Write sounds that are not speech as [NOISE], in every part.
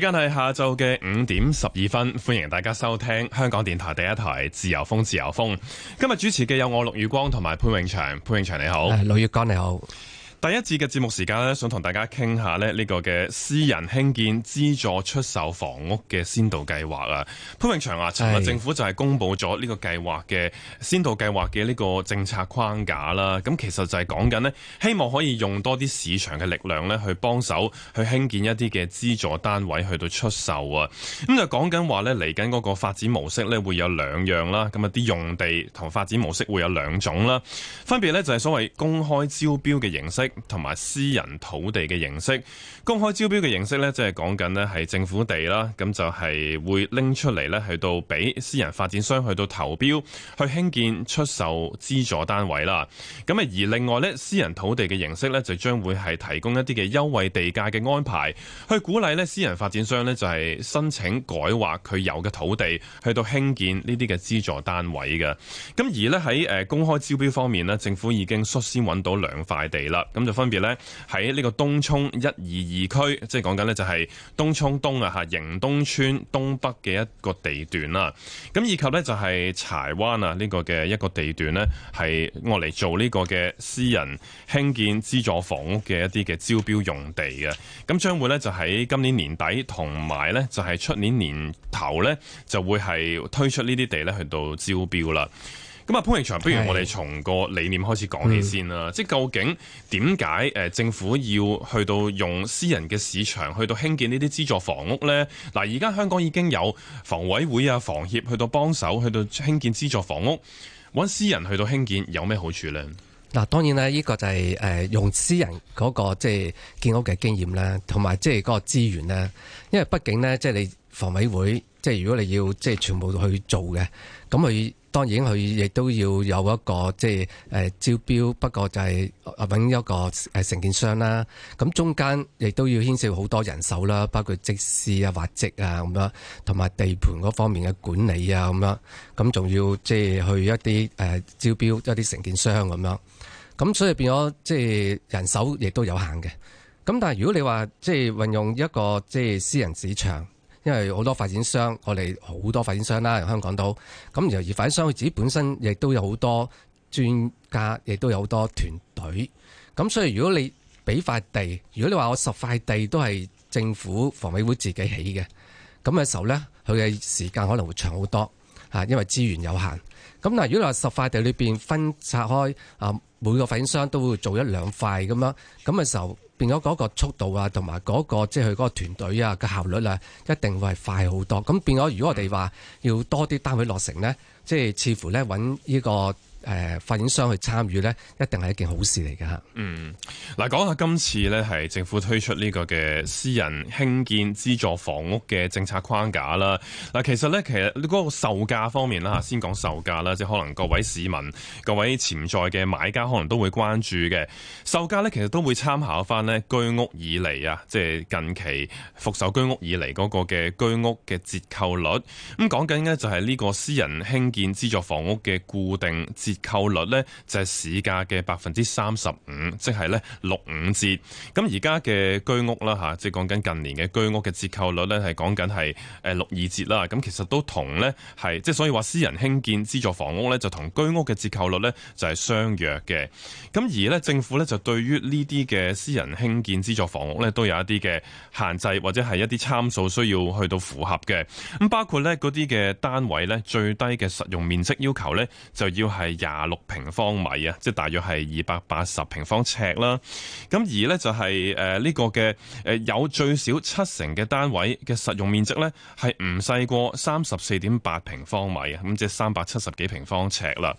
時間係下晝嘅五點十二分，歡迎大家收聽香港電台第一台《自由風》，自由風。今日主持嘅有我陸宇光同埋潘永祥，潘永祥你好，陸宇光你好。第一次嘅節目時間咧，想同大家傾下咧，呢個嘅私人興建資助出售房屋嘅先導計劃啊。潘永祥啊，尋日政府就係公布咗呢個計劃嘅先導計劃嘅呢個政策框架啦。咁其實就係講緊咧，希望可以用多啲市場嘅力量咧去幫手去興建一啲嘅資助單位去到出售啊。咁就講緊話咧，嚟緊嗰個發展模式咧會有兩樣啦，咁啊啲用地同發展模式會有兩種啦，分別咧就係所謂公開招標嘅形式。同埋私人土地嘅形式，公開招標嘅形式呢，即係講緊呢係政府地啦，咁就係會拎出嚟呢，去到俾私人發展商去到投標去興建出售資助單位啦。咁啊，而另外呢，私人土地嘅形式呢，就將會係提供一啲嘅優惠地價嘅安排，去鼓勵呢私人發展商呢，就係申請改劃佢有嘅土地去到興建呢啲嘅資助單位嘅。咁而呢，喺誒公開招標方面呢，政府已經率先揾到兩塊地啦。咁就分別呢喺呢個東涌一二二區，即係講緊呢，就係、是、東涌東啊嚇，迎東邨東北嘅一個地段啦。咁以及呢，就係柴灣啊呢個嘅一個地段呢，係我嚟做呢個嘅私人興建資助房屋嘅一啲嘅招標用地嘅。咁將會呢，就喺今年年底，同埋呢，就係出年年頭呢，就會係推出呢啲地呢，去到招標啦。咁啊潘永祥，不如我哋從個理念開始講起先啦。嗯、即究竟點解誒政府要去到用私人嘅市場去到興建呢啲資助房屋呢？嗱，而家香港已經有房委會啊、房協去到幫手去到興建資助房屋，揾私人去到興建有咩好處呢？嗱，當然啦，呢個就係誒用私人嗰個即係建屋嘅經驗啦，同埋即係嗰個資源啦。因為畢竟呢，即係你房委會。即係如果你要即係全部去做嘅，咁佢當然佢亦都要有一個即係誒招標，不過就係揾一個誒承建商啦。咁中間亦都要牽涉好多人手啦，包括則師啊、畫則啊咁樣，同埋地盤嗰方面嘅管理啊咁樣。咁仲要即係去一啲誒招標一啲承建商咁樣。咁所以變咗即係人手亦都有限嘅。咁但係如果你話即係運用一個即係私人市場。因為好多發展商，我哋好多發展商啦，香港都咁。然後而發展商佢自己本身亦都有好多專家，亦都有好多團隊。咁所以如果你俾塊地，如果你話我十塊地都係政府房委會自己起嘅，咁嘅時候咧，佢嘅時間可能會長好多吓，因為資源有限。咁嗱，如果話十塊地裏邊分拆開，啊每個發展商都會做一兩塊咁樣，咁嘅時候，變咗嗰個速度啊、嗰個，同埋嗰個即係佢嗰個團隊啊嘅效率啊，一定會係快好多。咁變咗，如果我哋話要多啲單位落成咧，即係似乎咧揾呢個。誒發展商去參與咧，一定係一件好事嚟嘅嚇。嗯，嗱，講下今次呢係政府推出呢個嘅私人興建資助房屋嘅政策框架啦。嗱，其實呢，其實你嗰個售價方面啦嚇，先講售價啦，即係可能各位市民、各位潛在嘅買家，可能都會關注嘅售價呢，其實都會參考翻呢居屋以嚟啊，即係近期復售居屋以嚟嗰個嘅居屋嘅折扣率。咁講緊呢，就係呢個私人興建資助房屋嘅固定。折扣率呢，就係市價嘅百分之三十五，即係呢六五折。咁而家嘅居屋啦吓，即係講緊近年嘅居屋嘅折扣率呢，係講緊係誒六二折啦。咁其實都同呢，係，即係所以話私人興建資助房屋呢，就同居屋嘅折扣率呢，就係相若嘅。咁而呢，政府呢，就對於呢啲嘅私人興建資助房屋呢，都有一啲嘅限制，或者係一啲參數需要去到符合嘅。咁包括呢嗰啲嘅單位呢，最低嘅實用面積要求呢，就要係。廿六平方米啊，即係大約係二百八十平方尺啦。咁而呢、就係，就係誒呢個嘅誒有最少七成嘅單位嘅實用面積呢，係唔細過三十四點八平方米啊，咁即係三百七十幾平方尺啦。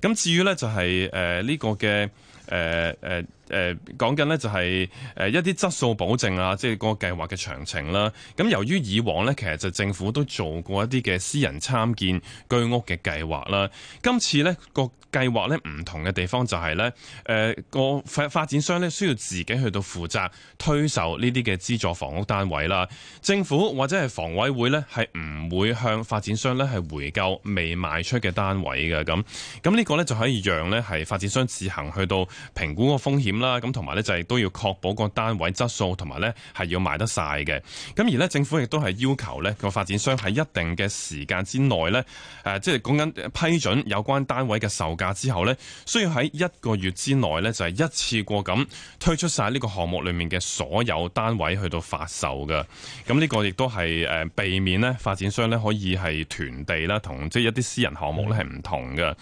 咁至於呢、就係，就係誒呢個嘅。誒誒誒講緊呢就係誒一啲質素保證啊，即係個計劃嘅詳情啦。咁由於以往呢，其實就政府都做過一啲嘅私人參建居屋嘅計劃啦。今次呢個計劃呢，唔同嘅地方就係呢誒個發發展商呢，需要自己去到負責推售呢啲嘅資助房屋單位啦。政府或者係房委會呢，係唔會向發展商呢係回購未賣出嘅單位嘅咁。咁呢個呢，就可以讓呢係發展商自行去到。評估個風險啦，咁同埋咧就係都要確保個單位質素，同埋咧係要賣得晒嘅。咁而咧，政府亦都係要求咧個發展商喺一定嘅時間之內咧，誒即係講緊批准有關單位嘅售價之後咧，需要喺一個月之內咧就係一次過咁推出晒呢個項目裏面嘅所有單位去到發售嘅。咁呢個亦都係誒避免咧發展商咧可以係囤地啦，同即係一啲私人項目咧係唔同嘅。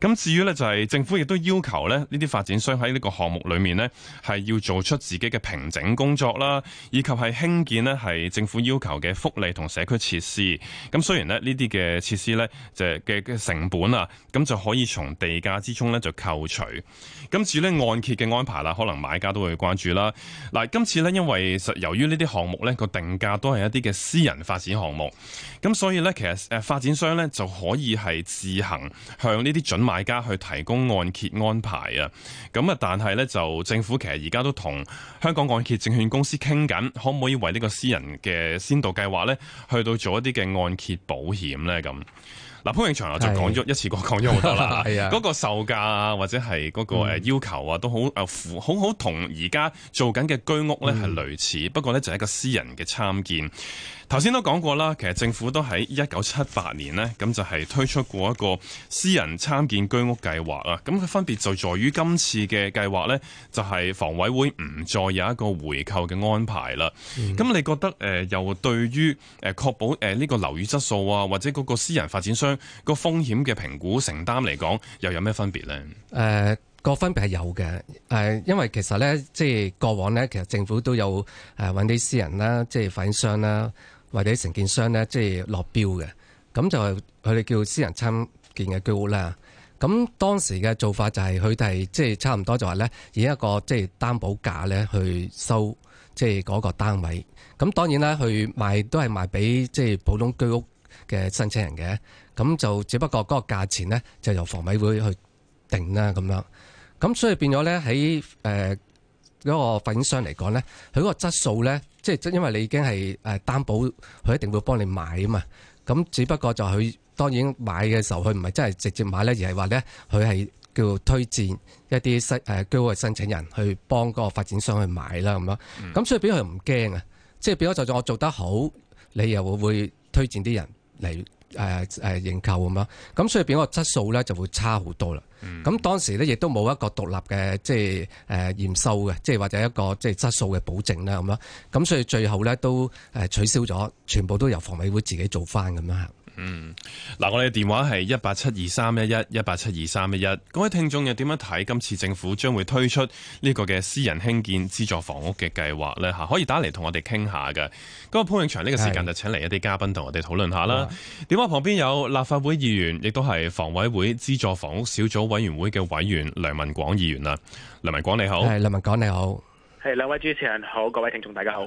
咁至於咧就係政府亦都要求咧呢啲發展。所以喺呢個項目裏面呢係要做出自己嘅平整工作啦，以及係興建呢係政府要求嘅福利同社區設施。咁雖然呢呢啲嘅設施呢就嘅嘅成本啊，咁就可以從地價之中呢就扣除。今次呢按揭嘅安排啦，可能買家都會關注啦。嗱，今次呢因為實由於呢啲項目呢個定價都係一啲嘅私人發展項目，咁所以呢其實誒發展商呢就可以係自行向呢啲準買家去提供按揭安排啊。咁啊，但係咧，就政府其實而家都同香港按揭證券公司傾緊，可唔可以為呢個私人嘅先導計劃咧，去到做一啲嘅按揭保險咧？咁嗱，潘永祥又就講咗是一次過講咗好多啦，嗰、 [LAUGHS] 啊、個售價啊，或者係嗰個誒要求啊，都好啊好，好好同而家做緊嘅居屋咧係類似，嗯、不過咧就係一個私人嘅參建。頭先都講過啦，其實政府都喺一九七八年呢，咁就係推出過一個私人參建居屋計劃啦。咁佢分別就在於今次嘅計劃呢，就係、是、房委會唔再有一個回購嘅安排啦。咁、嗯、你覺得誒、呃、又對於誒、呃、確保誒呢、呃這個樓宇質素啊，或者嗰個私人發展商個風險嘅評估承擔嚟講，又有咩分別呢？誒、呃那個分別係有嘅，誒、呃、因為其實呢，即、就、係、是、過往呢，其實政府都有誒搵啲私人啦，即、就、係、是、發展商啦。或者承建商咧，即係落標嘅，咁就係佢哋叫私人參建嘅居屋啦。咁當時嘅做法就係，佢哋係即係差唔多就話咧，以一個即係擔保價咧去收即係嗰個單位。咁當然啦，佢賣都係賣俾即係普通居屋嘅申請人嘅。咁就只不過嗰個價錢咧就由房委會去定啦咁樣。咁所以變咗咧喺誒。呃嗰個發展商嚟講咧，佢嗰個質素咧，即係即因為你已經係誒擔保，佢一定會幫你買啊嘛。咁只不過就佢當然買嘅時候，佢唔係真係直接買咧，而係話咧，佢係叫推薦一啲申誒居屋嘅申請人去幫嗰個發展商去買啦咁咯。咁、嗯、所以俾佢唔驚啊，即係變咗，就算我做得好，你又會推薦啲人嚟。誒誒認購咁咯，咁所以變個質素咧就會差好多啦。咁、嗯、當時咧亦都冇一個獨立嘅即係誒、呃、驗收嘅，即係或者一個即係質素嘅保證啦咁咯。咁所以最後咧都誒取消咗，全部都由房委會自己做返咁樣。嗯，嗱，我哋電話係一八七二三一一一八七二三一一，各位聽眾又點樣睇今次政府將會推出呢個嘅私人興建資助房屋嘅計劃呢？吓，可以打嚟同我哋傾下嘅。咁啊，潘永祥呢個時間就請嚟一啲嘉賓同我哋討論下啦。啊、電話旁邊有立法會議員，亦都係房委會資助房屋小組委員會嘅委員梁文廣議員啦。梁文廣你好，係梁文廣你好。係，兩位主持人好，各位聽眾大家好。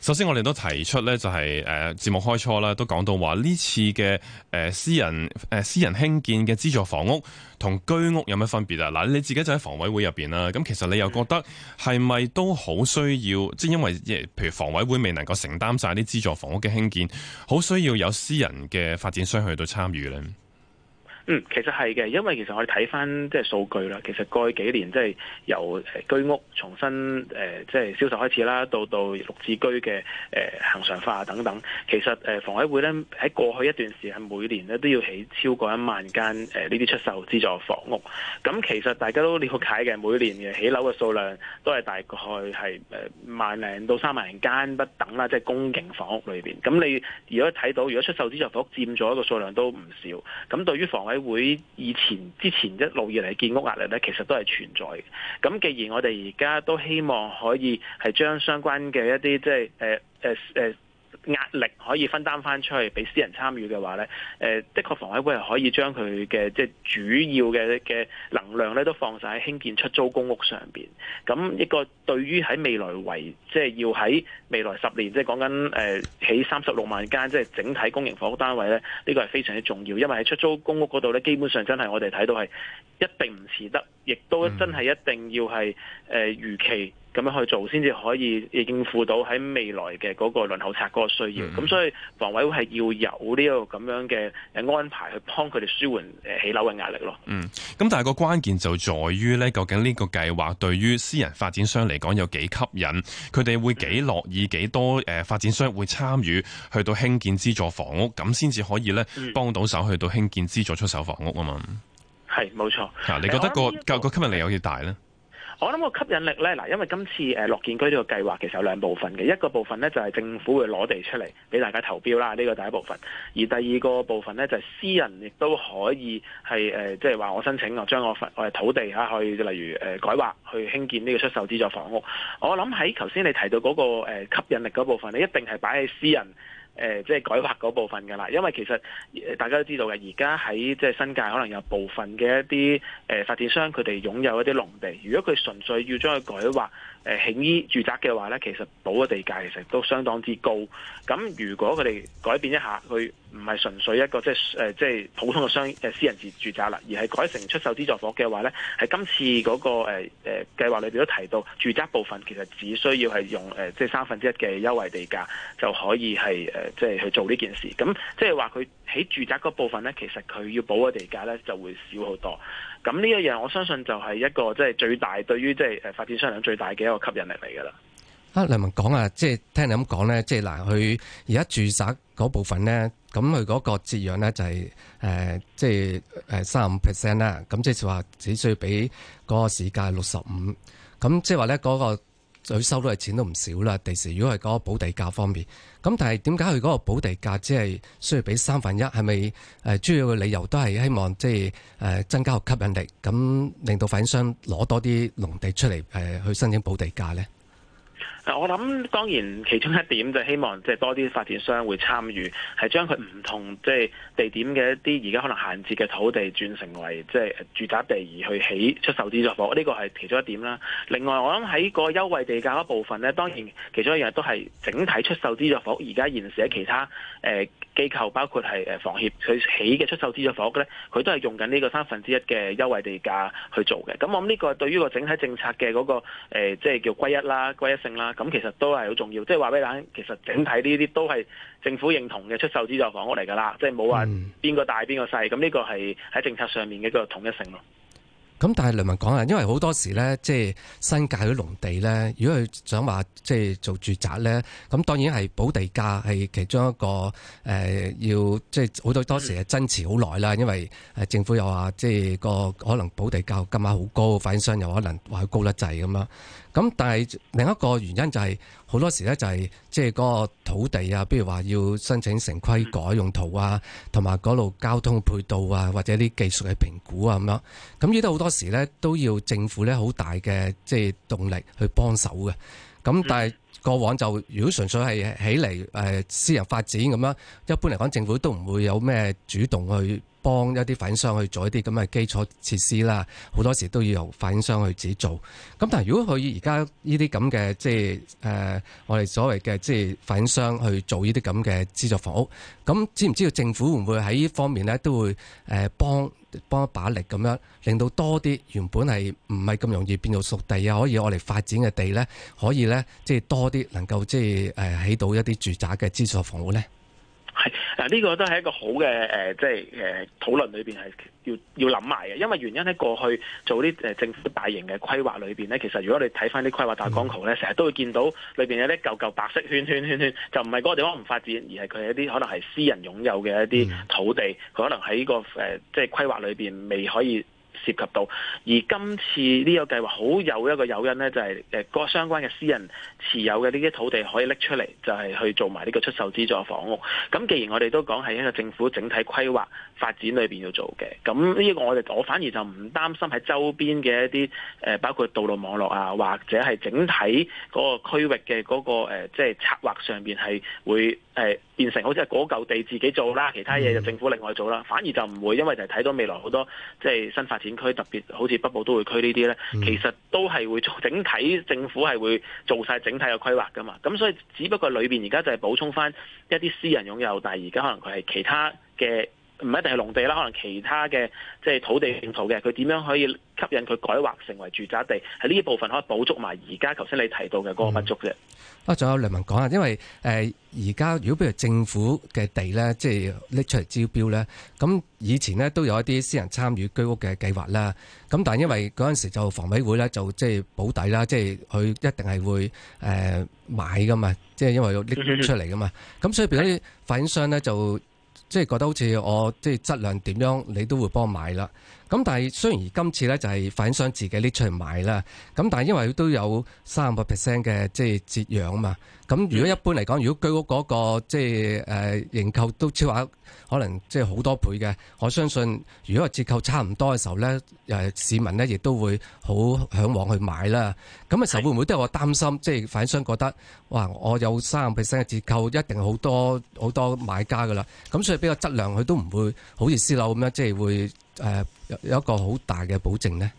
首先我哋都提出咧、就是，就係誒節目開初啦，都講到話呢次嘅誒、呃、私人誒、呃、私人興建嘅資助房屋同居屋有乜分別啊？嗱、呃，你自己就喺房委會入邊啦，咁其實你又覺得係咪都好需要？嗯、即係因為，譬如房委會未能夠承擔晒啲資助房屋嘅興建，好需要有私人嘅發展商去到參與咧。嗯，其實係嘅，因為其實我哋睇翻即係數據啦，其實過去幾年即係由居屋重新誒即係銷售開始啦，到到綠置居嘅誒恒常化等等，其實誒房委會咧喺過去一段時間每年咧都要起超過一萬間誒呢啲出售資助房屋，咁其實大家都了解嘅，每年嘅起樓嘅數量都係大概係誒萬零到三萬零間不等啦，即係公營房屋裏邊，咁你如果睇到如果出售資助房屋佔咗一個數量都唔少，咁對於房委。會以前之前一路以嚟，建屋壓力咧，其實都係存在嘅。咁既然我哋而家都希望可以係將相關嘅一啲，即係誒誒誒。就是呃呃呃壓力可以分擔翻出去俾私人參與嘅話呢，誒、呃，的確房委會係可以將佢嘅即係主要嘅嘅能量咧，都放晒喺興建出租公屋上邊。咁一個對於喺未來為即係要喺未來十年即係講緊誒起三十六萬間即係整體公營房屋單位呢，呢、呢個係非常之重要，因為喺出租公屋嗰度呢，基本上真係我哋睇到係一定唔遲得，亦都真係一定要係誒、呃、如期。咁樣去做先至可以應付到喺未來嘅嗰個輪候冊嗰個需要，咁、嗯、所以房委會係要有呢個咁樣嘅誒安排去幫佢哋舒緩誒起樓嘅壓力咯。嗯，咁但係個關鍵就在於呢，究竟呢個計劃對於私人發展商嚟講有幾吸引，佢哋會幾樂意幾、嗯、多誒發展商會參與去到興建資助房屋，咁先至可以呢、嗯、幫到手去到興建資助出售房屋啊嘛。係冇錯。嗱、啊，你覺得、嗰個、呃這個吸引力有幾大呢？啊啊啊我諗個吸引力呢，嗱，因為今次誒樂建居呢個計劃其實有兩部分嘅，一個部分呢，就係政府會攞地出嚟俾大家投標啦，呢、這個第一部分；而第二個部分呢、呃，就係私人亦都可以係誒，即係話我申請我將我塊我土地嚇去，例如誒改劃去興建呢個出售資助房屋。我諗喺頭先你提到嗰個吸引力嗰部分，你一定係擺喺私人。誒、呃，即係改劃嗰部分㗎啦，因為其實大家都知道嘅，而家喺即係新界，可能有部分嘅一啲誒、呃、發展商，佢哋擁有一啲農地。如果佢純粹要將佢改劃誒興建住宅嘅話咧，其實補嘅地價其實都相當之高。咁如果佢哋改變一下去。唔係純粹一個即係誒即係普通嘅商誒私人住住宅啦，而係改成出售資助房嘅話咧，喺今次嗰個誒誒計劃裏邊都提到，住宅部分其實只需要係用誒、呃、即係三分之一嘅優惠地價就可以係誒、呃、即係去做呢件事。咁即係話佢喺住宅嗰部分咧，其實佢要補嘅地價咧就會少好多。咁呢一樣我相信就係一個即係最大對於即係誒發展商量最大嘅一個吸引力嚟㗎啦。啊，梁文廣啊，即係聽你咁講咧，即係嗱，佢而家住宅嗰部分咧，咁佢嗰個折讓咧就係、是、誒、呃，即係誒三十五 percent 啦。咁即係話只需要俾嗰個市價六十五，咁即係話咧嗰個佢收到嘅錢都唔少啦。第時如果係嗰個補地價方面，咁但係點解佢嗰個補地價即係需要俾三分一？係咪誒主要嘅理由都係希望即係誒、呃、增加個吸引力，咁令到發展商攞多啲農地出嚟誒、呃、去申請補地價咧？我諗當然其中一點就希望即係多啲發展商會參與，係將佢唔同即係、就是、地點嘅一啲而家可能閒置嘅土地轉成為即係住宅地而去起出售資助房，呢、這個係其中一點啦。另外我諗喺個優惠地價嗰部分呢，當然其中一樣都係整體出售資助房，而家現時喺其他誒。呃機構包括係誒房協，佢起嘅出售資助房屋咧，佢都係用緊呢個三分之一嘅優惠地價去做嘅。咁我諗呢個對於個整體政策嘅嗰個、呃、即係叫歸一啦、歸一性啦，咁其實都係好重要。即係話俾你聽，其實整體呢啲都係政府認同嘅出售資助房屋嚟㗎啦，即係冇話邊個大邊個細。咁呢個係喺政策上面嘅一個統一性咯。咁但係梁文廣啊，因為好多時咧，即係新界啲農地咧，如果佢想話即係做住宅咧，咁當然係補地價係其中一個誒、呃，要即係好多多時係爭持好耐啦，因為誒政府又話即係個可能補地價金額好高，發展商又可能話佢高得滯咁啦。咁但係另一個原因就係好多時咧，就係即係嗰個土地啊，比如話要申請城規改用途啊，同埋嗰路交通配套啊，或者啲技術嘅評估啊咁樣，咁呢都好多時咧都要政府咧好大嘅即係動力去幫手嘅，咁但係。嗯過往就如果純粹係起嚟，誒、呃、私人發展咁樣，一般嚟講政府都唔會有咩主動去幫一啲發展商去做一啲咁嘅基礎設施啦。好多時都要由發展商去自己做。咁但係如果佢而家呢啲咁嘅即係誒、呃、我哋所謂嘅即係發展商去做呢啲咁嘅資助房屋，咁知唔知道政府會唔會喺呢方面咧都會誒幫幫一把力，咁樣令到多啲原本係唔係咁容易變做熟地啊可以我哋發展嘅地咧，可以咧即係多。啲能夠即係誒起到一啲住宅嘅資助房屋咧，係啊呢、這個都係一個好嘅誒、呃，即係誒、呃、討論裏邊係要要諗埋嘅，因為原因咧過去做啲誒政府大型嘅規劃裏邊咧，其實如果你睇翻啲規劃大綱圖咧，成日、嗯、都會見到裏邊有啲舊舊白色圈圈圈圈，就唔係嗰個地方唔發展，而係佢一啲可能係私人擁有嘅一啲土地，佢、嗯、可能喺、這個誒、呃、即係規劃裏邊未可以。涉及到而今次呢個計劃好有一個誘因呢，就係誒個相關嘅私人持有嘅呢啲土地可以拎出嚟，就係去做埋呢個出售資助房屋。咁既然我哋都講係一個政府整體規劃發展裏邊要做嘅，咁呢個我哋我反而就唔擔心喺周邊嘅一啲誒，包括道路網絡啊，或者係整體嗰個區域嘅嗰個誒，即係策劃上邊係會誒。呃變成好似係嗰嚿地自己做啦，其他嘢就政府另外做啦，嗯、反而就唔會，因為就係睇到未來好多即係、就是、新發展區，特別好似北部都會區呢啲咧，其實都係會做。整體政府係會做晒整體嘅規劃噶嘛。咁所以只不過裏邊而家就係補充翻一啲私人擁有但係，而家可能佢係其他嘅。唔一定係農地啦，可能其他嘅即係土地用途嘅，佢點樣可以吸引佢改劃成為住宅地？係呢一部分可以補足埋而家頭先你提到嘅嗰個不足啫。啊，仲有梁文廣啊，因為誒而家如果譬如政府嘅地咧，即係拎出嚟招標咧，咁以前咧都有一啲私人參與居屋嘅計劃啦。咁但係因為嗰陣時就房委會咧就即係保底啦，即係佢一定係會誒買㗎嘛，即係因為要拎出嚟㗎嘛。咁所以變咗啲發展商咧就。即係覺得好似我即係質量點樣，你都會幫我買啦。咁但係雖然今次咧就係發展商自己拎出嚟賣啦，咁但係因為佢都有三五個 percent 嘅即係折讓啊嘛。咁如果一般嚟講，如果居屋嗰個即係誒認購都超額，可能即係好多倍嘅。我相信如果係折扣差唔多嘅時候咧，誒市民咧亦都會好嚮往去買啦。咁嘅時候會唔會都係我擔心，即係發展商覺得哇，我有三五 percent 嘅折扣，一定好多好多買家噶啦。咁所以比較質量，佢都唔會好似私樓咁樣即係會。誒，有、呃、有一個好大嘅保證呢，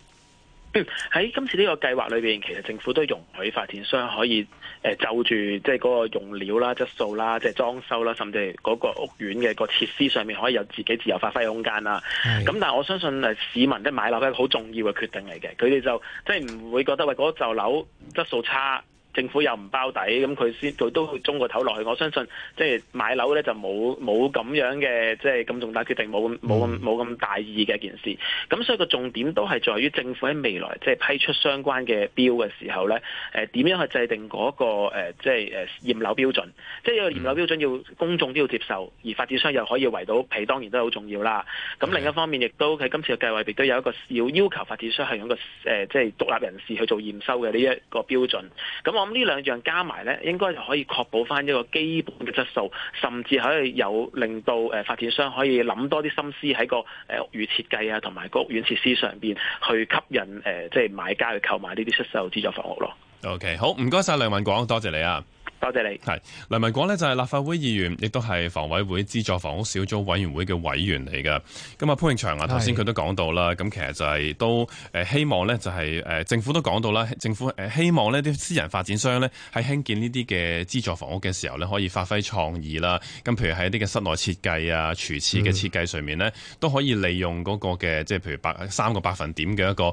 喺今次呢個計劃裏邊，其實政府都容許發展商可以、呃、就住即係嗰個用料啦、質素啦、即係裝修啦，甚至係嗰個屋苑嘅個設施上面，可以有自己自由發揮嘅空間啦。咁是但係我相信市民的買樓係一個好重要嘅決定嚟嘅，佢哋就即係唔會覺得喂，嗰舊樓質素差。政府又唔包底，咁佢先佢都中個頭落去。我相信即係買樓咧，就冇冇咁樣嘅即係咁重大決定，冇冇冇咁大意嘅一件事。咁所以個重點都係在於政府喺未來即係批出相關嘅標嘅時候咧，誒、呃、點樣去制定嗰、嗰個誒、呃、即係誒驗樓標準，即係個驗樓標準要公眾都要接受，而發展商又可以圍到皮，當然都好重要啦。咁另一方面，亦都喺今次嘅計劃，亦都有一個要要求發展商係用一個誒、呃、即係獨立人士去做驗收嘅呢一個標準。咁我 Okay.。呢兩樣加埋呢，應該就可以確保返一個基本嘅質素，甚至可以有令到誒發展商可以諗多啲心思喺個誒屋宇設計啊，同埋個屋苑設施上邊去吸引誒即係買家去購買呢啲出售資助房屋咯。OK，好，唔該晒。梁文廣，多謝你啊。多謝你。係梁文廣咧，就係立法會議員，亦都係房委會資助房屋小組委員會嘅委員嚟嘅。咁啊，潘永祥啊，頭先佢都講到啦。咁是其實就係都誒，希望呢，就係、是、誒，政府都講到啦，政府誒希望呢啲私人發展商呢，喺興建呢啲嘅資助房屋嘅時候呢，可以發揮創意啦。咁譬如喺一啲嘅室內設計啊、廚廁嘅設計上面呢，都、嗯、可以利用嗰個嘅即係譬如百三個百分點嘅一個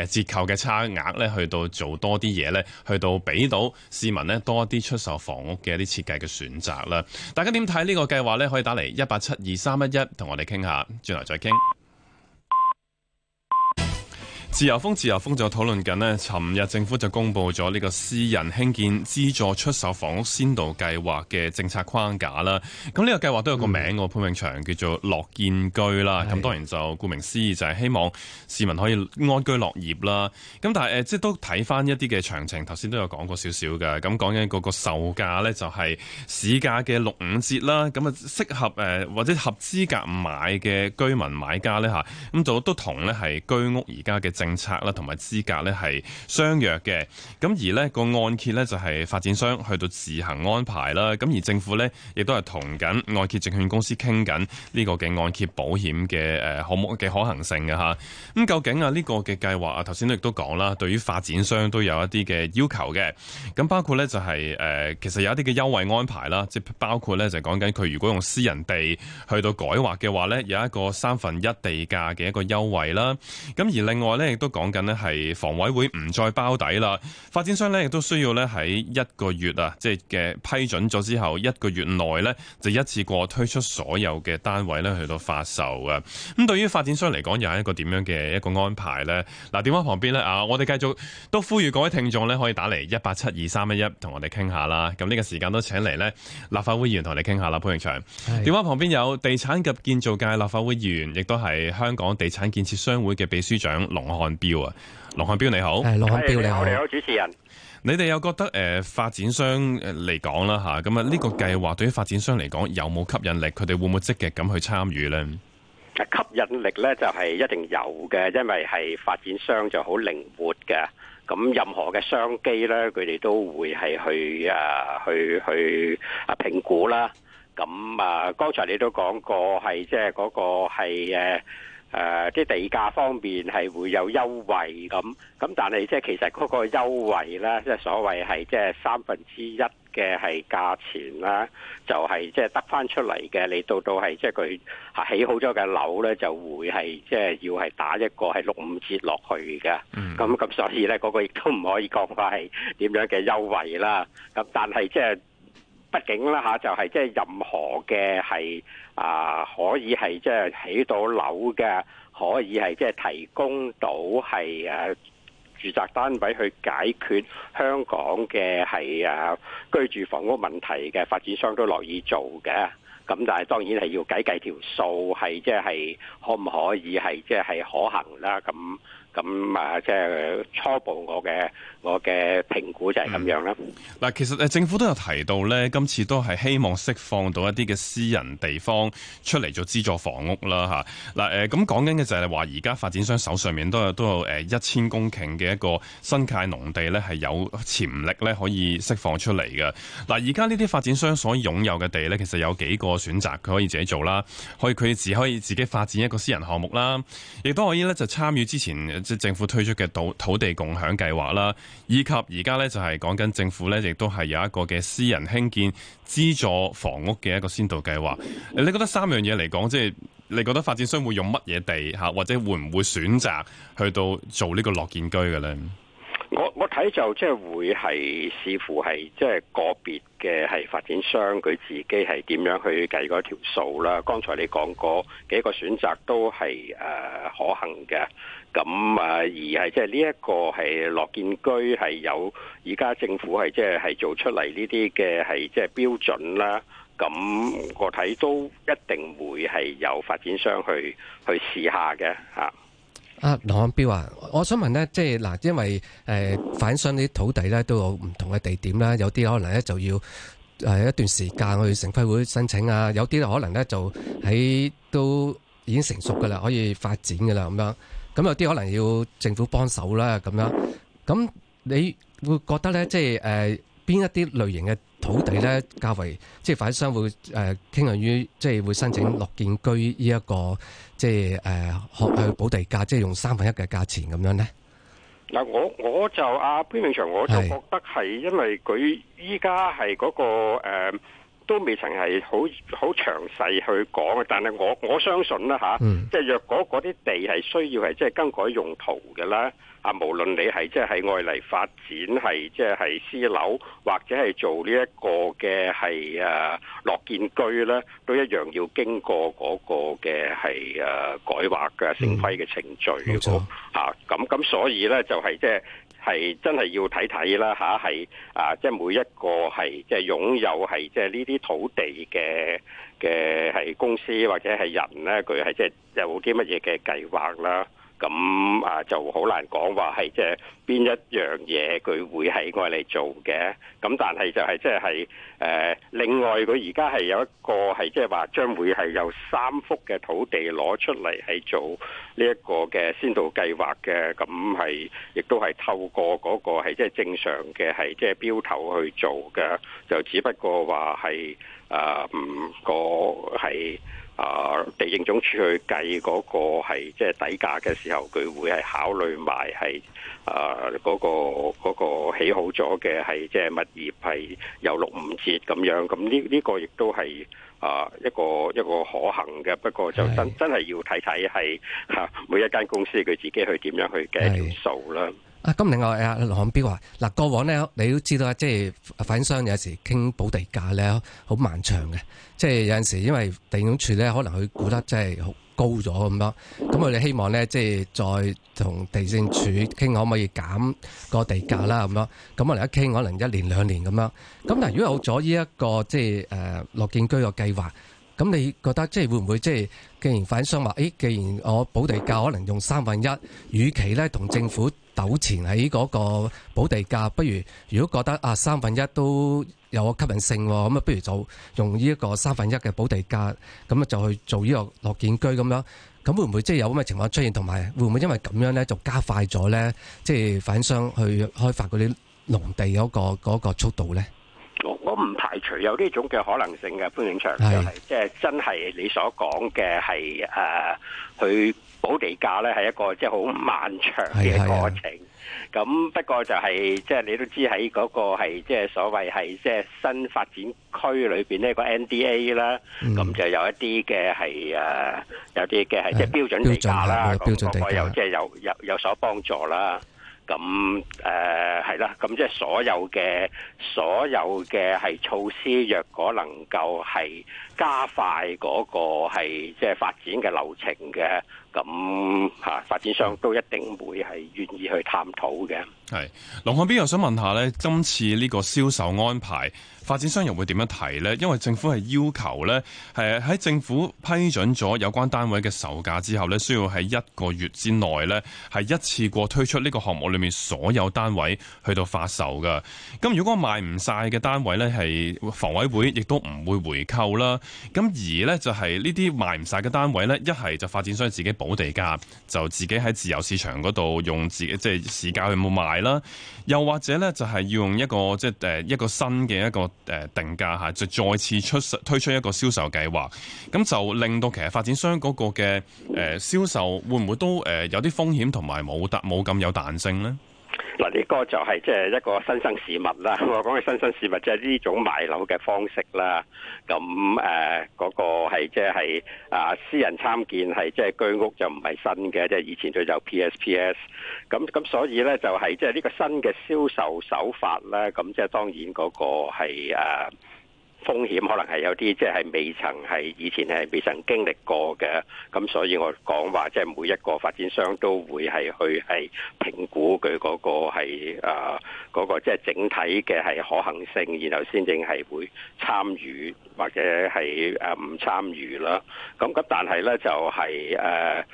誒折扣嘅差額呢，去到做多啲嘢，呢，去到俾到市民呢，多啲出售。房屋嘅一啲設計嘅選擇啦，大家點睇呢個計劃呢？可以打嚟一八七二三一一同我哋傾下，轉頭再傾。自由風，自由風就討論緊呢。尋日政府就公布咗呢個私人興建資助出售房屋先導計劃嘅政策框架啦。咁呢個計劃都有個名嘅潘永祥，嗯、叫做樂建居啦。咁當然就顧名思義，就係希望市民可以安居樂業啦。咁但係誒、呃，即係都睇翻一啲嘅詳情，頭先都有講過少少嘅。咁講緊嗰個售價呢就係、是、市價嘅六五折啦。咁啊，適合誒、呃、或者合資格買嘅居民買家呢吓，咁、啊、就都同呢係居屋而家嘅政。政策啦，同埋資格咧係相約嘅，咁而咧個按揭咧就係、是、發展商去到自行安排啦，咁而政府咧亦都係同緊按揭證券公司傾緊呢個嘅按揭保險嘅誒項目嘅可行性嘅吓，咁、啊、究竟啊呢、這個嘅計劃啊頭先都亦都講啦，對於發展商都有一啲嘅要求嘅，咁包括咧就係、是、誒、呃、其實有一啲嘅優惠安排啦，即係包括咧就係講緊佢如果用私人地去到改劃嘅話咧，有一個三分一地價嘅一個優惠啦，咁、啊、而另外咧。亦都講緊咧，係房委會唔再包底啦。發展商呢亦都需要咧喺一個月啊，即係嘅批准咗之後，一個月內呢，就一次過推出所有嘅單位呢去到發售呀。咁對於發展商嚟講，又係一個點樣嘅一個安排呢？嗱、啊，電話旁邊呢，啊，我哋繼續都呼籲各位聽眾呢，可以打嚟一八七二三一一同我哋傾下啦。咁呢個時間都請嚟呢立法會議員同你傾下啦，潘永祥。是電話旁邊有地產及建造界立法會議員，亦都係香港地產建設商會嘅秘書長龍漢標啊，龍漢標你好，係龍漢標你好，你好主持人，你哋有覺得誒發展商誒嚟講啦吓，咁啊呢個計劃對於發展商嚟講有冇吸引力？佢哋會唔會積極咁去參與咧？吸引力咧就係一定有嘅，因為係發展商就好靈活嘅，咁任何嘅商機咧，佢哋都會係去啊去去啊評估啦。咁啊剛才你都講過係即係嗰個係誒。誒、啲、呃、地價方面係會有優惠咁，咁但係即係其實嗰個優惠啦，即係所謂係即係三分之一嘅係價錢啦，就係即係得翻出嚟嘅，你到到係即係佢起好咗嘅樓咧，就會係即係要係打一個係六五折落去嘅。咁咁、mm hmm. 所以咧，嗰個亦都唔可以講話係點樣嘅優惠啦。咁但係即係。畢竟啦嚇，就係即係任何嘅係啊，可以係即係起到樓嘅，可以係即係提供到係誒住宅單位去解決香港嘅係啊居住房屋問題嘅發展商都樂意做嘅。咁但係當然係要計計條數，係即係可唔可以係即係可行啦咁。咁啊，即係初步我嘅我嘅評估就係咁樣啦。嗱，其實誒政府都有提到咧，今次都係希望釋放到一啲嘅私人地方出嚟做資助房屋啦，嚇、啊。嗱、啊、誒，咁、啊、講緊嘅就係話，而家發展商手上面都有都有誒一千公頃嘅一個新界農地咧，係有潛力咧可以釋放出嚟嘅。嗱、啊，而家呢啲發展商所擁有嘅地咧，其實有幾個選擇，佢可以自己做啦，可以佢自可以自己發展一個私人項目啦，亦、啊、都可以咧就參與之前。即政府推出嘅土土地共享計劃啦，以及而家咧就係講緊政府咧，亦都係有一個嘅私人興建資助房屋嘅一個先導計劃。你覺得三樣嘢嚟講，即係你覺得發展商會用乜嘢地吓，或者會唔會選擇去到做呢個樂建居嘅咧？我我睇就即係會係視乎係即係個別嘅係發展商佢自己係點樣去計嗰條數啦。剛才你講過幾個選擇都係誒、呃、可行嘅。咁啊，而係即係呢一個係樂建居係有，而家政府係即係係做出嚟呢啲嘅係即係標準啦。咁我睇都一定會係有發展商去去試下嘅吓。阿龍漢標啊，我想問咧，即係嗱，因為誒，發展商啲土地咧都有唔同嘅地點啦，有啲可能咧就要誒一段時間去城規會申請啊，有啲咧可能咧就喺都。已經成熟嘅啦，可以發展嘅啦，咁樣咁有啲可能要政府幫手啦，咁樣咁你會覺得咧，即係誒邊一啲類型嘅土地咧較為即係反商會誒傾向於即係會申請樂建居呢一個即係誒學去補地價，即係用三分一嘅價錢咁樣咧。嗱我我就阿潘永祥，我就覺得係因為佢依家係嗰個誒。都未曾係好好詳細去講嘅，但係我我相信啦吓，即係若果嗰啲地係需要係即係更改用途嘅啦。啊，無論你係即係喺外嚟發展，係即係私樓，或者係做呢一個嘅係啊樂建居咧，都一樣要經過嗰個嘅係啊改劃嘅審批嘅程序嘅吓。咁咁所以咧就係即係係真係要睇睇啦吓，係啊即係、啊就是、每一個係即係擁有係即係呢啲土地嘅嘅係公司或者係人咧，佢係即係有啲乜嘢嘅計劃啦。咁啊，就好難講話係即係邊一樣嘢佢會喺我哋做嘅。咁但係就係即係誒，另外佢而家係有一個係即係話將會係有三幅嘅土地攞出嚟係做呢一個嘅先導計劃嘅。咁係亦都係透過嗰個係即係正常嘅係即係標頭去做嘅，就只不過話係啊，唔個係。啊！Uh, 地政總署去計嗰個係即係底價嘅時候，佢會係考慮埋係啊嗰個、嗰個起好咗嘅係即係物業係有六五折咁樣，咁呢呢個亦都係啊一個一個可行嘅，不過就真是的 真係要睇睇係吓每一間公司佢自己去點樣去計條數啦。是的 啊！咁另外阿龍漢標話，嗱、啊，過往咧，你都知道，即係發展商有時傾補地價咧，好漫長嘅。即係有陣時，因為地政處咧，可能佢估得即係好高咗咁樣。咁我哋希望咧，即係再同地政處傾可唔可以減個地價啦，咁樣。咁我哋一傾，可能一年兩年咁樣。咁但係如果有咗呢一個即係誒樂建居嘅計劃，咁你覺得即係會唔會即係，既然發展商話，誒、哎，既然我補地價，可能用三分一，與其咧同政府。糾纏喺嗰個補地價，不如如果覺得啊三分一都有吸引性，咁啊不如就用呢一個三分一嘅補地價，咁啊就去做呢個樂建居咁樣，咁會唔會即係有咁嘅情況出現？同埋會唔會因為咁樣咧就加快咗咧，即係反商去開發嗰啲農地嗰個嗰個速度咧？我我唔排除有呢種嘅可能性嘅。潘永祥，就係即係真係你所講嘅係誒去。土地價咧係一個即係好漫長嘅過程，咁不過就係即係你都知喺嗰個係即係所謂係即係新發展區裏邊呢個 NDA 啦，咁就有一啲嘅係誒，有啲嘅係即係標準地價啦，標準地價有即係有有有所幫助啦。咁誒係啦，咁即係所有嘅所有嘅係措施，若果能夠係加快嗰個係即係發展嘅流程嘅。咁吓、嗯啊、發展商都一定會係願意去探討嘅。係龍漢標又想問下咧，今次呢個銷售安排，發展商又會點樣提咧？因為政府係要求咧，係喺政府批准咗有關單位嘅售價之後咧，需要喺一個月之內咧，係一次過推出呢個項目裏面所有單位去到發售嘅。咁如果賣唔晒嘅單位咧，係房委會亦都唔會回購啦。咁而咧就係呢啲賣唔晒嘅單位咧，一係就發展商自己冇地價就自己喺自由市場嗰度用自己即係市價去冇賣啦，又或者呢，就係要用一個即係一個新嘅一個誒定價吓，就再次出推出一個銷售計劃，咁就令到其實發展商嗰個嘅誒銷售會唔會都誒有啲風險同埋冇彈冇咁有彈性呢？嗱，呢個就係即係一個新生事物啦。我講嘅新生事物，即係呢種賣樓嘅方式啦。咁誒，嗰、呃嗰個係即係啊，私人參建係即係居屋就唔係新嘅，即係以前就有 PSPS PS。咁咁所以咧，就係即係呢個新嘅銷售手法咧。咁即係當然嗰個係誒。風險可能係有啲，即係未曾係以前係未曾經歷過嘅。咁所以我講話，即係每一個發展商都會係去係評估佢嗰個係誒嗰個即係整體嘅係可行性，然後先至係會參與或者係誒唔參與啦。咁咁，但係咧就係、是、誒。啊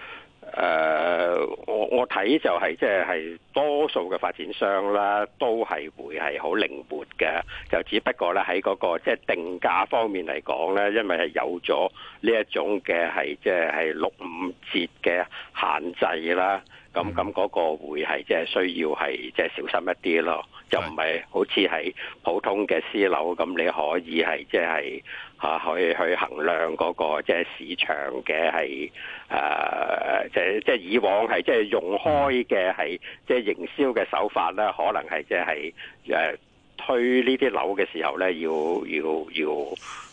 誒，uh，我我睇就係即係多數嘅發展商啦，都係會係好靈活嘅，就只不過咧喺嗰個即係定價方面嚟講咧，因為係有咗呢一種嘅係即係六五折嘅限制啦，咁咁嗰個會係即係需要係即係小心一啲咯。就唔係好似係普通嘅私樓，咁你可以係即係嚇，可以去衡量嗰、嗰個即係、即係、市場嘅係誒，即係即係以往係即係用開嘅係即係營銷嘅手法咧，可能係即係誒推呢啲樓嘅時候咧，要要要。要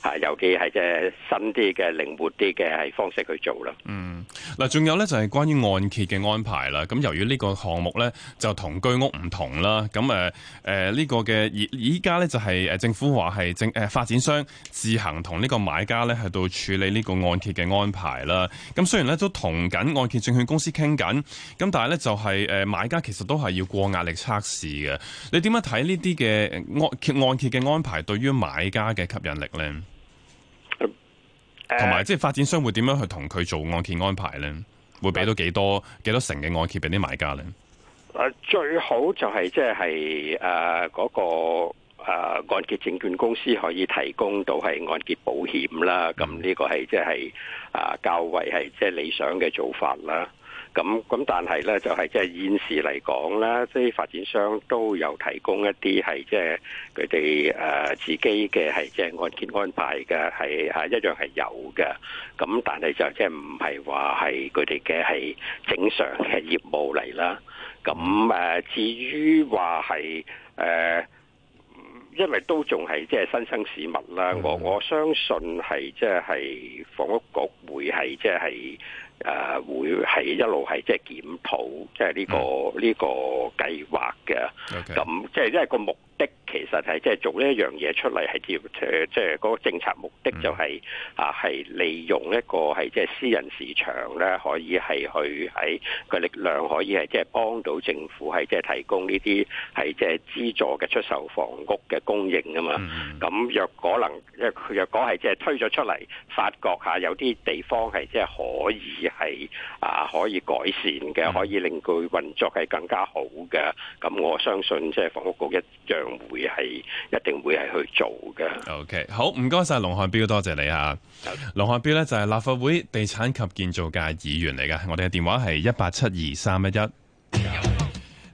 嚇，尤其係即係新啲嘅靈活啲嘅係方式去做啦。嗯，嗱，仲有咧就係關於按揭嘅安排啦。咁由於呢個項目咧就同居屋唔同啦，咁誒誒呢個嘅而而家咧就係誒政府話係政誒發展商自行同呢個買家咧喺度處理呢個按揭嘅安排啦。咁雖然咧都同緊按揭證券公司傾緊，咁但係咧就係誒買家其實都係要過壓力測試嘅。你點樣睇呢啲嘅按按揭嘅安排對於買家嘅吸引力咧？同埋，即係發展商會點樣去同佢做按揭安排咧？會俾到幾多幾多成嘅按揭俾啲買家咧？誒、啊，最好就係即係誒嗰個誒按揭證券公司可以提供到係按揭保險啦。咁呢、嗯、個係即係啊較為係即係理想嘅做法啦。咁咁，但係咧就係即係現時嚟講咧，啲發展商都有提供一啲係即係佢哋誒自己嘅係即係按揭安排嘅係吓一樣係有嘅。咁但係就即係唔係話係佢哋嘅係正常嘅業務嚟啦。咁誒，至於話係誒，因為都仲係即係新生事物啦。我我相信係即係房屋局會係即係。誒、啊，會係一路係即係檢討，即係呢個呢、嗯、個計劃嘅，咁即係，因為個目的其實係即係做呢一樣嘢出嚟係接誒，即係嗰個政策目的就係啊，係利用一個係即係私人市場咧，可以係去喺個力量可以係即係幫到政府係即係提供呢啲係即係資助嘅出售房屋嘅供應啊嘛。咁若果能即係若果係即係推咗出嚟，發覺下有啲地方係即係可以係啊可以改善嘅，可以令佢運作係更加好嘅。咁我相信即係房屋局一樣。會係一定會係去做嘅。OK，好，唔該晒龍漢標，多謝你吓。龍漢標呢就係立法會地產及建造界議員嚟㗎。我哋嘅電話係一八七二三一一。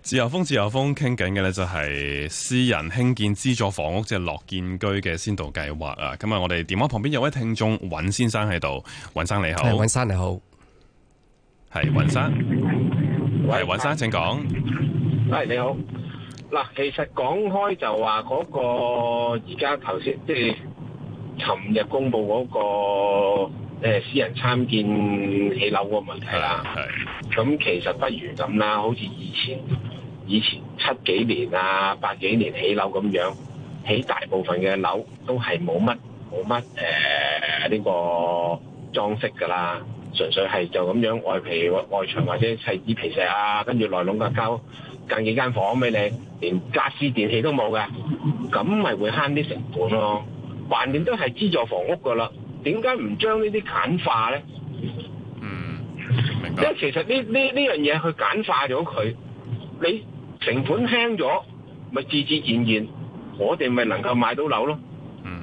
自由風，自由風，傾緊嘅呢就係私人興建資助房屋即係樂建居嘅先導計劃啊！咁啊，我哋電話旁邊有位聽眾尹先生喺度。尹生你好，尹生你好，係尹生，係尹生，請講。係你好。嗱，其實講開就話嗰個而家頭先，即係尋日公佈嗰個誒私人參建起樓嗰個問題啦。係係，咁其實不如咁啦，好似以前以前七幾年啊、八幾年起樓咁樣，起大部分嘅樓都係冇乜冇乜誒呢個裝飾㗎啦，純粹係就咁樣外皮外牆或者砌紙皮石啊，跟住內籠嘅膠。近幾間房俾你，連家私、電器都冇噶，咁咪會慳啲成本咯。橫掂都係資助房屋噶啦，點解唔將呢啲簡化咧？嗯，明白。即係其實呢呢呢樣嘢去簡化咗佢，你成本輕咗，咪自自然然我哋咪能夠買到樓咯，嗯。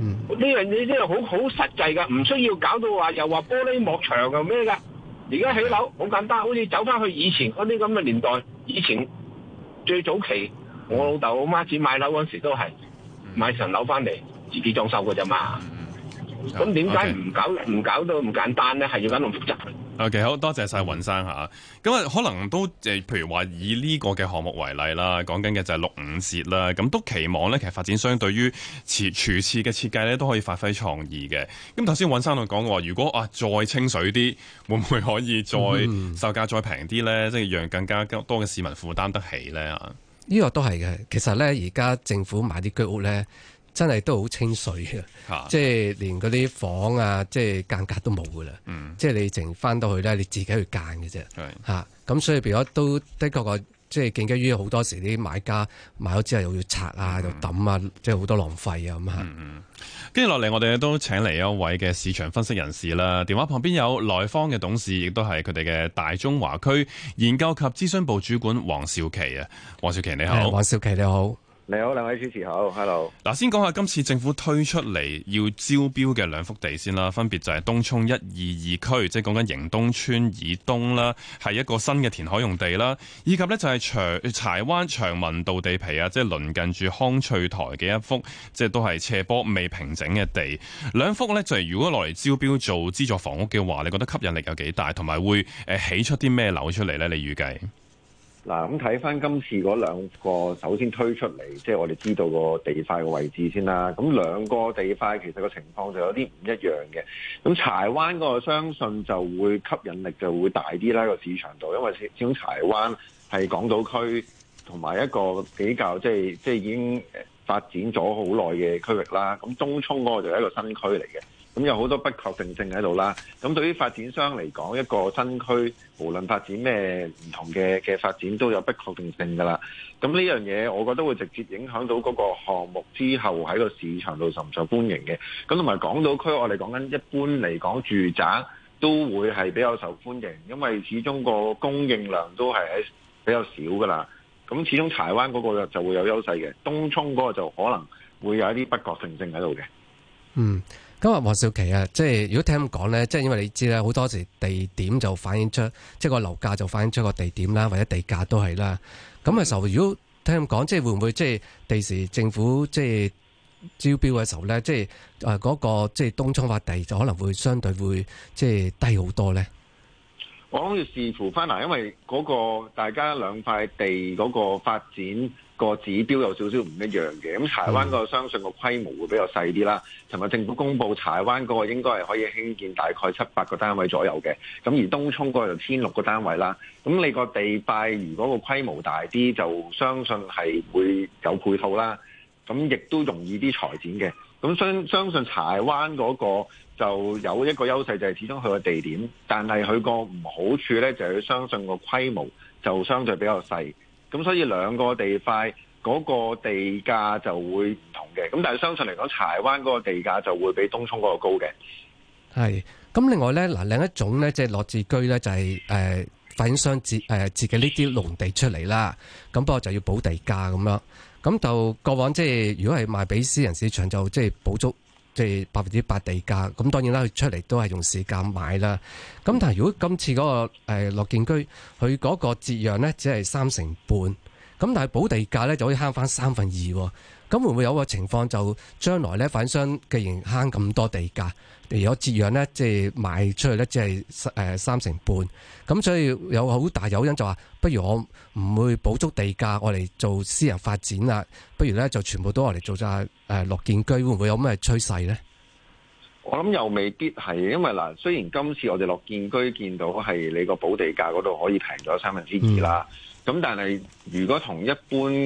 嗯嗯，呢樣嘢真係好好實際噶，唔需要搞到話又話玻璃幕牆又咩噶。而家起樓好簡單，好似走翻去以前嗰啲咁嘅年代。以前最早期，我老豆老媽子買樓陣時都係買層樓返嚟自己裝修嘅啫嘛。咁點解唔搞唔 Okay. 搞到咁簡單咧？係要揾咁複雜。o、okay, k 好多謝晒尹生嚇。咁啊，可能都誒，譬如話以呢個嘅項目為例啦，講緊嘅就係六五折啦。咁都期望咧，其實發展商對於廚廚廁嘅設計咧，都可以發揮創意嘅。咁頭先尹生都講話，如果啊再清水啲，會唔會可以再售價再平啲咧？即係、嗯、讓更加多嘅市民負擔得起咧嚇。呢、嗯、個都係嘅。其實咧，而家政府買啲居屋咧。真係都好清水嘅，即係，連嗰啲房間啊，即係間隔都冇噶啦。嗯、即係你淨翻到去咧，你自己去間嘅啫。吓咁是、啊，所以如果都的確個，即係建基於好多時啲買家買咗之後又要拆啊，嗯、又抌啊，即係好多浪費啊咁吓。跟住落嚟，樣嗯、我哋都請嚟一位嘅市場分析人士啦。電話旁邊有萊坊嘅董事，亦都係佢哋嘅大中華區研究及諮詢部主管王兆麒。啊。王兆麒你好，王兆麒，你好。你好，兩位主持好，Hello。嗱，先講下今次政府推出嚟要招標嘅兩幅地先啦，分別就係東涌一二二區，即係講緊迎東村以東啦，係一個新嘅填海用地啦，以及呢，就係長柴灣長文道地皮啊，即係鄰近住康翠台嘅一幅，即係都係斜坡未平整嘅地。兩幅呢，就係如果落嚟招標做資助房屋嘅話，你覺得吸引力有幾大？同埋會誒、呃、起出啲咩樓出嚟呢？你預計？嗱，咁睇翻今次嗰兩個首先推出嚟，即係我哋知道個地塊嘅位置先啦。咁兩個地塊其實個情況就有啲唔一樣嘅。咁柴灣嗰個相信就會吸引力就會大啲啦，這個市場度，因為始始終柴灣係港島區，同埋一個比較即係即係已經發展咗好耐嘅區域啦。咁東涌嗰個就係一個新區嚟嘅。咁有好多不確定性喺度啦。咁對於發展商嚟講，一個新區無論發展咩唔同嘅嘅發展，都有不確定性噶啦。咁呢樣嘢，我覺得會直接影響到嗰個項目之後喺個市場度受唔受歡迎嘅。咁同埋港島區，我哋講緊一般嚟講住宅都會係比較受歡迎，因為始終個供應量都係喺比較少噶啦。咁始終柴灣嗰個就會有優勢嘅，東涌嗰個就可能會有一啲不確定性喺度嘅。嗯。今日王兆麒啊，即係如果聽咁講咧，即係因為你知咧，好多時地點就反映出，即係個樓價就反映出個地點啦，或者地價都係啦。咁嘅、嗯、時，時候，如果聽咁講，即係會唔會即係第時政府即係招標嘅時候咧，即係誒嗰個即係東涌塊地就可能會相對會即係低好多咧？我諗要視乎翻嗱，因為嗰個大家兩塊地嗰個發展。個指標有少少唔一樣嘅，咁柴灣個相信個規模會比較細啲啦。尋日政府公布柴灣嗰個應該係可以興建大概七八個單位左右嘅，咁而東湧東涌嗰個就千六個單位啦。咁你個地塊如果個規模大啲，就相信係會有配套啦，咁亦都容易啲財展嘅。咁相相信柴灣嗰個就有一個優勢就係、是、始終佢個地點，但係佢個唔好處咧就係、是、相信個規模就相對比較細。咁所以兩個地塊嗰、那個地價就會唔同嘅，咁但係相信嚟講柴灣嗰個地價就會比東涌嗰個高嘅。係，咁另外咧嗱，另一種咧即係樂建居咧就係誒發展商自誒自己呢啲農地出嚟啦，咁不過就要補地價咁樣，咁就過往即、就、係、是、如果係賣俾私人市場就即係補足。即係百分之八地價，咁當然啦，佢出嚟都係用市價買啦。咁但係如果今次嗰個樂建居佢嗰個折讓咧，只係三成半，咁但係補地價呢，就可以慳翻三分二，咁會唔會有個情況就將來呢，發展商既然慳咁多地價，如果折讓咧，即係賣出去咧，即係誒三成半。咁所以有好大誘因，人就話不如我唔會補足地價，我嚟做私人發展啦。不如咧就全部都我嚟做就係誒樂建居，會唔會有咩嘅趨勢咧？我諗又未必係，因為嗱，雖然今次我哋樂建居見到係你個補地價嗰度可以平咗三分之二啦，咁、嗯、但係如果同一般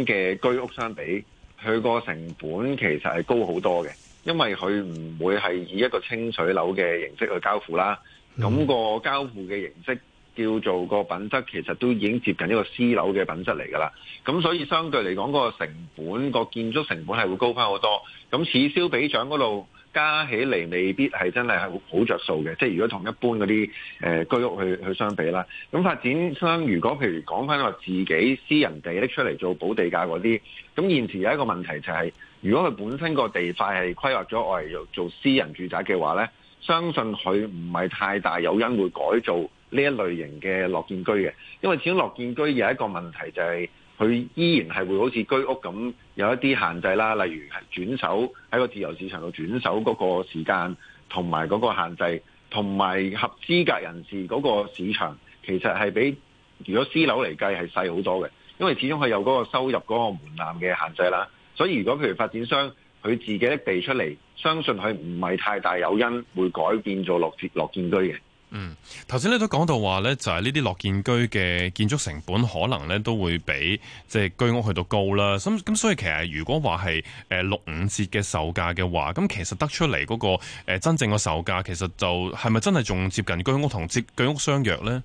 嘅居屋相比，佢個成本其實係高好多嘅。因為佢唔會係以一個清水樓嘅形式去交付啦，咁個交付嘅形式叫做個品質，其實都已經接近一個私樓嘅品質嚟㗎啦。咁所以相對嚟講，個成本、個建築成本係會高返好多。咁此消彼長嗰度加起嚟，未必係真係係好着數嘅。即係如果同一般嗰啲誒居屋去去相比啦，咁發展商如果譬如講返話自己私人地拎出嚟做補地價嗰啲，咁現時有一個問題就係。如果佢本身個地塊係規劃咗我嚟做私人住宅嘅話呢，呢相信佢唔係太大有因會改造呢一類型嘅樂建居嘅，因為始終樂建居有一個問題，就是，就係佢依然係會好似居屋咁有一啲限制啦，例如係轉手喺個自由市場度轉手嗰個時間同埋嗰個限制，同埋合資格人士嗰個市場其實，係比如果私樓嚟計，係細好多嘅，因為始終，佢有嗰個收入嗰個門檻嘅限制啦。所以如果譬如發展商佢自己地出嚟，相信佢唔係太大有因會改變咗樂建樂建居嘅。嗯，頭先你都講到話呢，就係呢啲樂建居嘅建築成本可能咧都會比即係、就是、居屋去到高啦。咁咁所以其實如果話係誒六五折嘅售價嘅話，咁其實得出嚟嗰、那個、呃、真正嘅售價，其實就係咪真係仲接近居屋同居屋相若呢？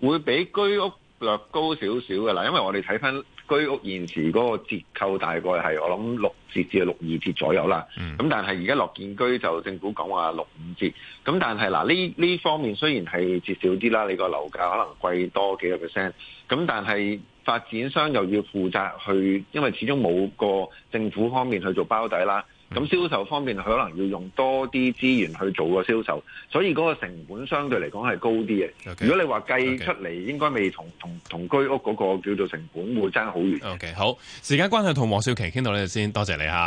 會比居屋略高少少嘅啦，因為我哋睇返。居屋現時嗰個折扣大概係我諗六折至六二折左右啦。咁、嗯、但係而家樂建居就政府講話六五折。咁但係嗱呢呢方面雖然係折少啲啦，你個樓價可能貴多幾個 percent。咁但係發展商又要負責去，因為始終冇個政府方面去做包底啦。咁銷售方面佢可能要用多啲資源去做個銷售，所以個成本相對嚟講係高啲嘅。Okay. 如果你話計出嚟，Okay. 應該未同同同居屋個叫做成本會爭好遠。OK，好，時間關係同王兆麒傾到呢度先，多謝你吓。